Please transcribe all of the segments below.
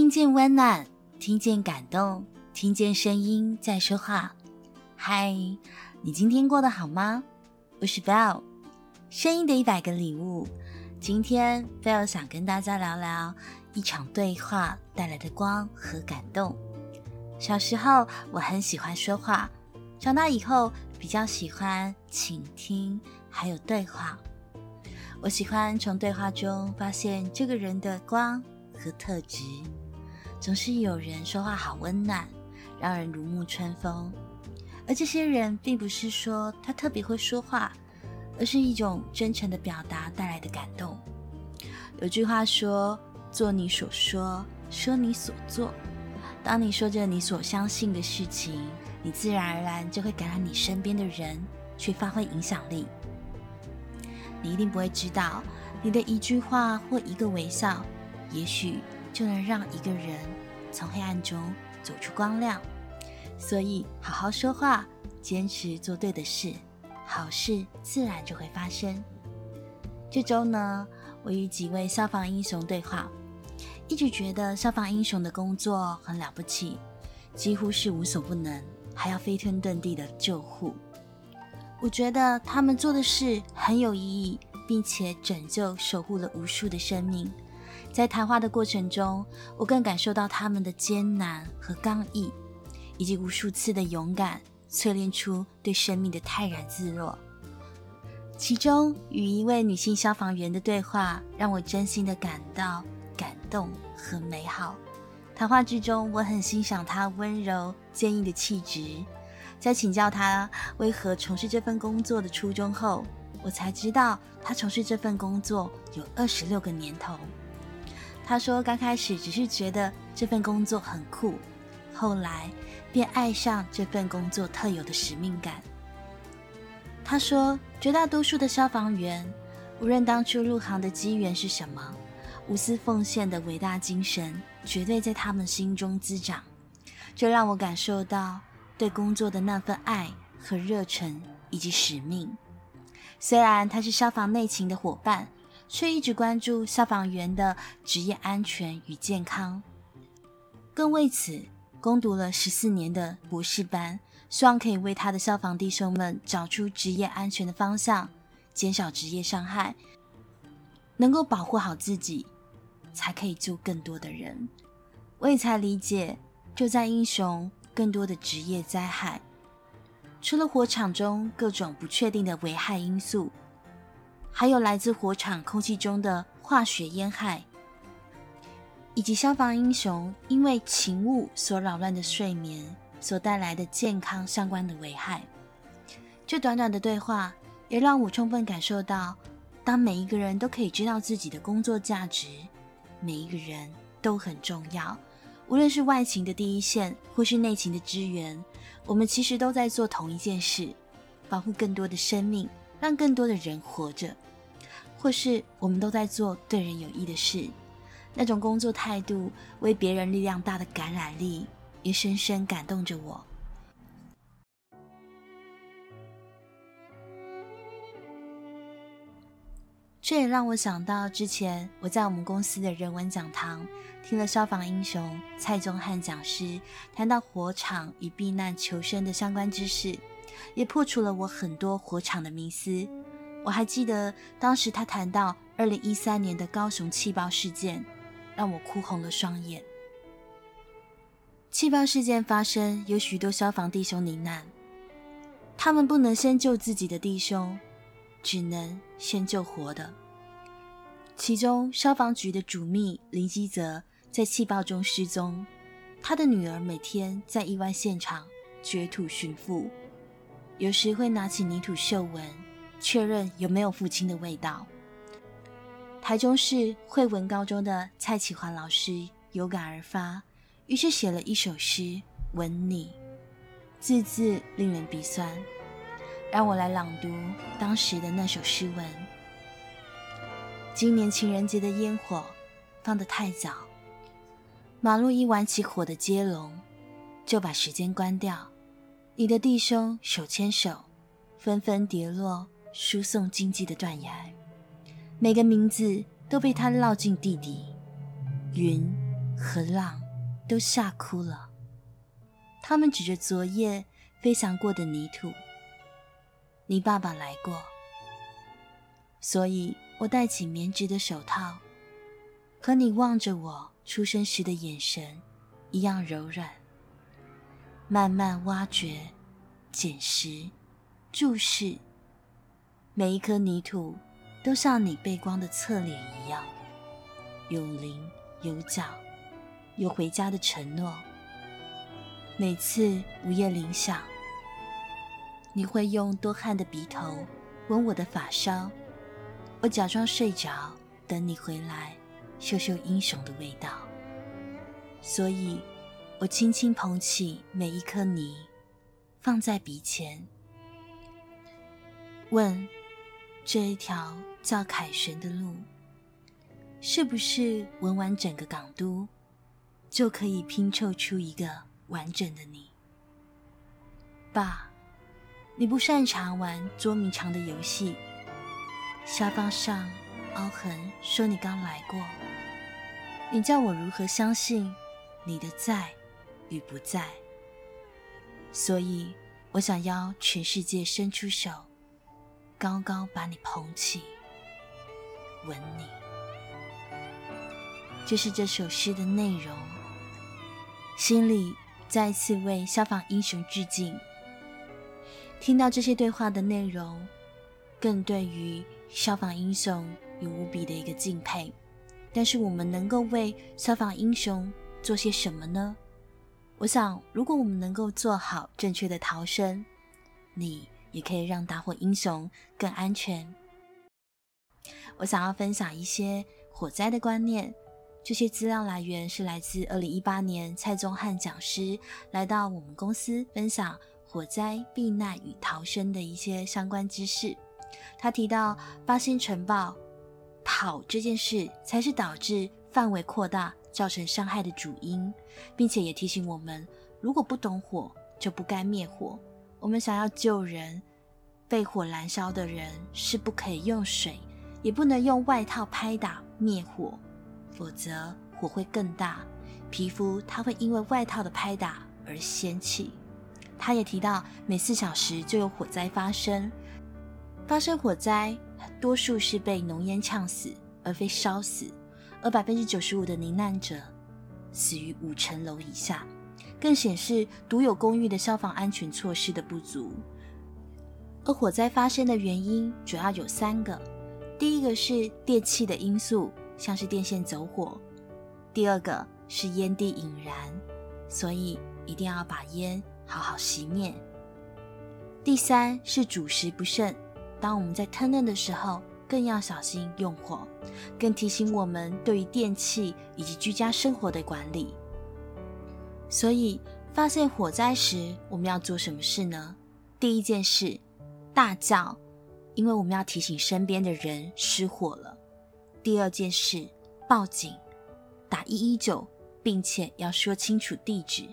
聽見溫暖，聽見感動，聽見聲音在說話。嗨，你今天過得好嗎？我是 Belle，聲音的一百個禮物。今天 Belle 想跟大家聊聊一場對話帶來的光和感動。小時候我很喜歡說話，長大以後比較喜歡傾聽，還有對話。我喜歡從對話中發現這個人的光和特質。總是有人說話好溫暖，讓人如沐春風。而這些人並不是說他特別會說話，而是一種真誠的表達帶來的感動。有句話說：“做你所說，說你所做。”當你說着你所相信的事情，你自然而然就會感染你身邊的人，去發揮影響力。你一定不會知道，你的一句話或一個微笑，也許……就能讓一個人從黑暗中走出光亮，所以好好說話，堅持做對的事，好事自然就會發生。這週呢，我與幾位消防英雄對話，一直覺得消防英雄的工作很了不起，幾乎是無所不能，還要飛天遁地的救護。我覺得他們做的事很有意義，並且拯救守護了無數的生命。在談話的過程中，我更感受到他們的艱難和剛毅，以及無數次的勇敢，淬煉出對生命的泰然自若。其中與一位女性消防員的對話，讓我真心的感到感動和美好。談話之中，我很欣賞她溫柔堅毅的氣質。在請教她為何從事這份工作的初衷後，我才知道她從事這份工作有二十六個年頭。他說：“剛開始只是覺得這份工作很酷，後來便愛上這份工作特有的使命感。”他說：“絕大多數的消防員，無論當初入行的機緣是什麼，無私奉獻的偉大精神絕對在他們心中滋長。這讓我感受到對工作的那份愛和熱忱以及使命。雖然他是消防內勤的夥伴。”卻一直關注消防員的職業安全與健康，更為此攻讀了十四年的博士班，希望可以為他的消防弟兄們找出職業安全的方向，減少職業傷害，能夠保護好自己，才可以救更多的人。我也才理解，救災英雄更多的職業災害，除了火場中各種不確定的危害因素，還有來自火場空氣中的化學煙害，以及消防英雄因為勤務所擾亂的睡眠所帶來的健康相關的危害。這短短的對話也讓我充分感受到，當每一個人都可以知道自己的工作價值，每一個人都很重要。無論是外勤的第一線，或是內勤的支援，我們其實都在做同一件事：保護更多的生命。讓更多的人活着，或是我們都在做對人有益的事，那種工作態度為別人力量大的感染力，也深深感動着我。這也讓我想到之前我在我們公司的人文講堂，聽了消防英雄蔡宗翰講師談到火場與避難求生的相關知識。也破除了我很多火場的迷思。我還記得當時他談到2013年的高雄氣爆事件，讓我哭紅了雙眼。氣爆事件發生，有許多消防弟兄罹難，他們不能先救自己的弟兄，只能先救活的。其中消防局的主秘林基澤在氣爆中失蹤，他的女兒每天在意外現場掘土尋父。有時會拿起泥土嗅聞，確認有沒有父親的味道。台中市惠文高中的蔡啟華老師有感而發，於是寫了一首詩《吻你》，字字令人鼻酸。讓我來朗讀當時的那首詩文：今年情人節的煙火放得太早，馬路一玩起火的接龍，就把時間關掉。你的弟兄手牽手，紛紛跌落輸送經濟的斷崖，每個名字都被他烙進地底。雲和浪都嚇哭了。他們指着昨夜飛翔過的泥土。你爸爸來過，所以我戴起棉質的手套。和你望着我出生時的眼神一樣柔軟。慢慢挖掘、撿拾、注視，每一顆泥土都像你背光的側臉一樣，有稜有角，有回家的承諾。每次午夜鈴響，你會用多汗的鼻頭吻我的髮梢，我假裝睡着，等你回來，嗅嗅英雄的味道。所以。我輕輕捧起每一顆泥，放在鼻前，問：“這一條叫凱旋的路，是不是聞完整個港都，就可以拼湊出一個完整的你？”爸，你不擅長玩捉迷藏的遊戲。沙發上凹痕說你剛來過，你叫我如何相信你的在？與不在，所以我想要全世界伸出手，高高把你捧起，吻你。這是這首詩的內容。心裡再次為消防英雄致敬。聽到這些對話的內容，更對於消防英雄有無比的一個敬佩。但是，我們能夠為消防英雄做些什麼呢？我想，如果我們能夠做好正確的逃生，你也可以讓打火英雄更安全。我想要分享一些火災的觀念，這些資料來源是來自2018年蔡宗翰講師來到我們公司分享火災避難與逃生的一些相關知識。他提到八仙塵爆，跑這件事才是導致範圍擴大，造成傷害的主因，並且也提醒我們：如果不懂火，就不該滅火。我們想要救人，被火燃燒的人是不可以用水，也不能用外套拍打滅火，否則火會更大。皮膚它會因為外套的拍打而掀起。他也提到，每四小時就有火災發生，發生火災多數是被濃煙嗆死，而非燒死。而百分之九十五的罹難者死於五層樓以下，更顯示獨有公寓的消防安全措施的不足。而火災發生的原因主要有三個：第一個是電器的因素，像是電線走火；第二個是菸蒂引燃，所以一定要把菸好好熄滅；第三是煮食不慎，當我們在烹飪的時候。更要小心用火，更提醒我們對於電器以及居家生活的管理。所以，發現火災時，我們要做什麼事呢？第一件事，大叫，因為我們要提醒身邊的人失火了。第二件事，報警，打一一九，並且要說清楚地址。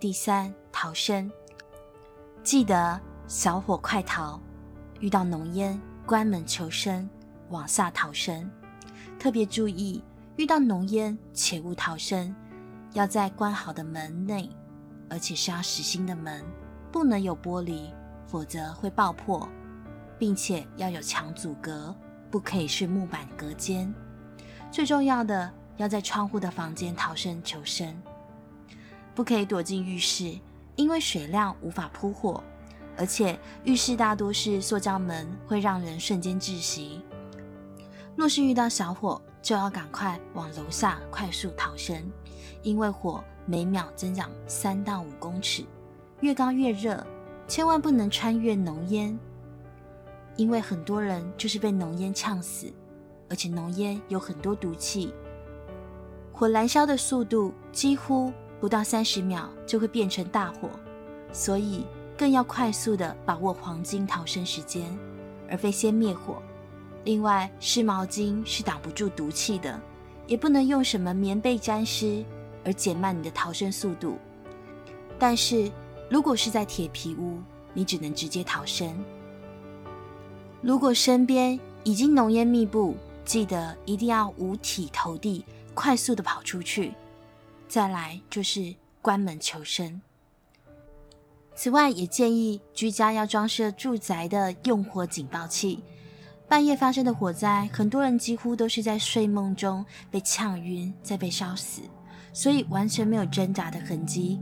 第三，逃生，記得小火快逃，遇到濃煙。關門求生，往下逃生。特別注意，遇到濃煙切勿逃生，要在關好的門內，而且是要實心的門，不能有玻璃，否則會爆破，並且要有牆阻隔，不可以是木板隔間。最重要的要在窗戶的房間逃生求生，不可以躲進浴室，因為水量無法撲火。而且浴室大多是塑膠門，會讓人瞬間窒息。若是遇到小火，就要趕快往樓下快速逃生，因為火每秒增長三到五公尺，越高越熱，千萬不能穿越濃煙，因為很多人就是被濃煙嗆死。而且濃煙有很多毒氣，火燃燒的速度幾乎不到三十秒就會變成大火，所以。更要快速的把握黃金逃生時間，而非先滅火。另外，濕毛巾是擋不住毒氣的，也不能用什麼棉被沾濕而減慢你的逃生速度。但是如果是在鐵皮屋，你只能直接逃生。如果身邊已經濃煙密布，記得一定要五體投地，快速的跑出去。再來就是關門求生。此外，也建議居家要裝設住宅的用火警報器。半夜發生的火災，很多人幾乎都是在睡夢中被嗆暈，再被燒死，所以完全沒有掙扎的痕跡。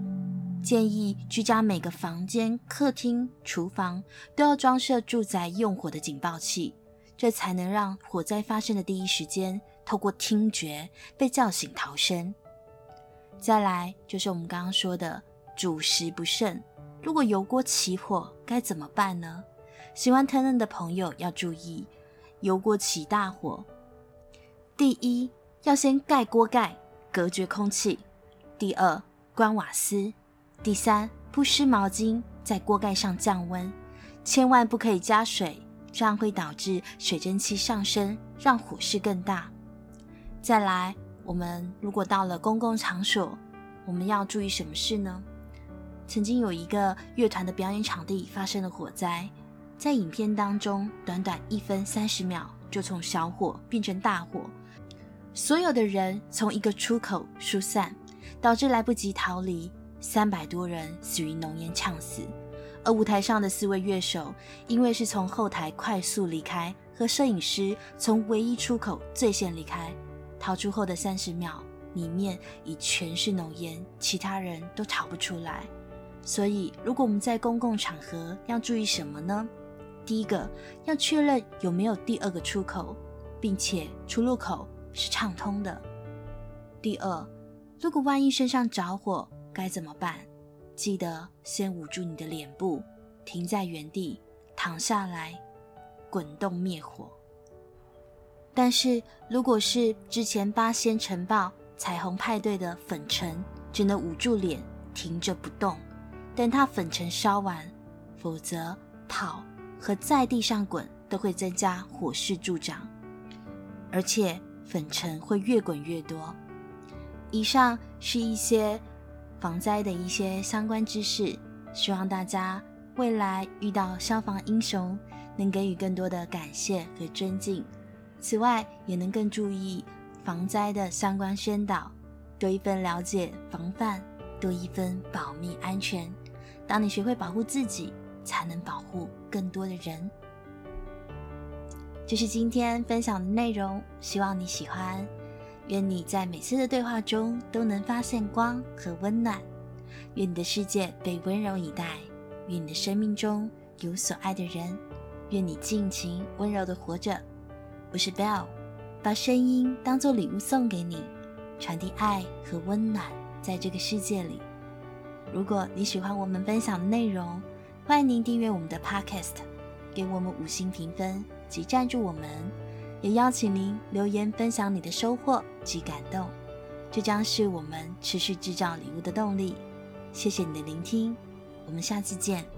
建議居家每個房間、客廳、廚房都要裝設住宅用火的警報器，這才能讓火災發生的第一時間，透過聽覺被叫醒逃生。再來，就是我們剛剛說的煮食不慎。如果油鍋起火該怎麼辦呢？喜歡烹飪的朋友要注意，油鍋起大火，第一要先蓋鍋蓋，隔絕空氣；第二關瓦斯；第三鋪濕毛巾在鍋蓋上降溫。千萬不可以加水，這樣會導致水蒸氣上升，讓火勢更大。再來，我們如果到了公共場所，我們要注意什麼事呢？曾經有一個樂團的表演場地發生了火災，在影片當中，短短一分三十秒就從小火變成大火，所有的人從一個出口疏散，導致來不及逃離，三百多人死於濃煙嗆死，而舞台上的四位樂手，因為是從後台快速離開，和攝影師從唯一出口最先離開，逃出後的三十秒，裡面已全是濃煙，其他人都逃不出來。所以，如果我們在公共場合要注意什麼呢？第一個，要確認有沒有第二個出口，並且出入口是暢通的。第二，如果萬一身上着火該怎麼辦？記得先捂住你的臉部，停在原地，躺下來，滾動滅火。但是，如果是之前八仙塵爆彩虹派對的粉塵，只能捂住臉，停着不動。等它粉塵燒完，否則跑和在地上滾都會增加火勢助長，而且粉塵會越滾越多。以上是一些防災的一些相關知識，希望大家未來遇到消防英雄能給予更多的感謝和尊敬，此外也能更注意防災的相關宣導，多一份了解防範，多一份保密安全。當你學會保護自己，才能保護更多的人。這是今天分享的內容，希望你喜歡。願你在每次的對話中都能發現光和溫暖。願你的世界被溫柔以待。願你的生命中有所愛的人。願你盡情溫柔地活着。我是 Belle，把聲音當做禮物送給你，傳遞愛和溫暖，在這個世界裡。如果你喜歡我們分享的內容，歡迎您訂閱我們的 Podcast，給我們五星評分及贊助我們，也邀請您留言分享你的收穫及感動，這將是我們持續製造禮物的動力。謝謝你的聆聽，我們下次見。